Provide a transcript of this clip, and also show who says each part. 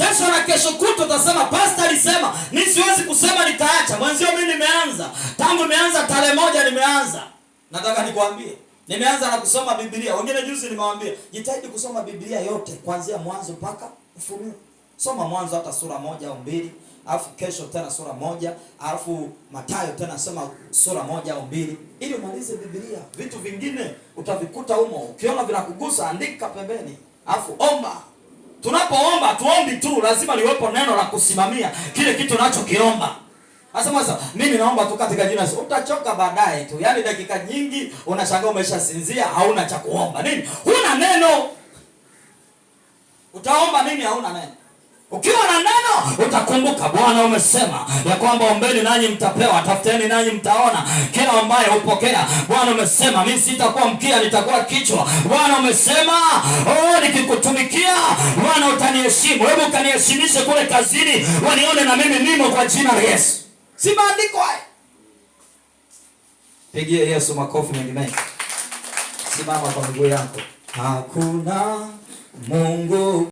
Speaker 1: Kesho na kesho kuto utasema pasta alisema, mi siwezi kusema nitaacha. Mwenzio mi nimeanza tangu nimeanza tarehe moja, nimeanza nataka nikwambie, nimeanza na kusoma Biblia. Wengine juzi nimewaambia jitahidi kusoma Biblia yote kwanzia mwanzo mpaka Ufunuo. Soma Mwanzo hata sura moja au mbili, alafu kesho tena sura moja, alafu matayo tena soma sura moja au mbili, ili umalize Biblia. Vitu vingine utavikuta humo, ukiona vinakugusa andika pembeni, alafu omba Tunapoomba tuombi tu, lazima liwepo neno la kusimamia kile kitu unachokiomba. Sasa sasa mimi naomba tu katika jina Yesu. Utachoka baadaye tu. Yaani dakika nyingi unashangaa umeshasinzia hauna cha kuomba. Nini? Huna neno. Utaomba nini hauna neno? Ukiwa na neno utakumbuka Bwana umesema ya kwamba ombeni nanyi mtapewa, tafuteni nanyi mtaona, kila ambaye hupokea. Bwana umesema mimi sitakuwa mkia, nitakuwa kichwa. Bwana umesema oh, heshima. Hebu kaniheshimishe kule kazini, wanione na mimi nimo kwa jina la Yesu. Si maandiko haya? Pigie Yesu makofi mengi mengi. Simama kwa miguu yako.
Speaker 2: Hakuna Mungu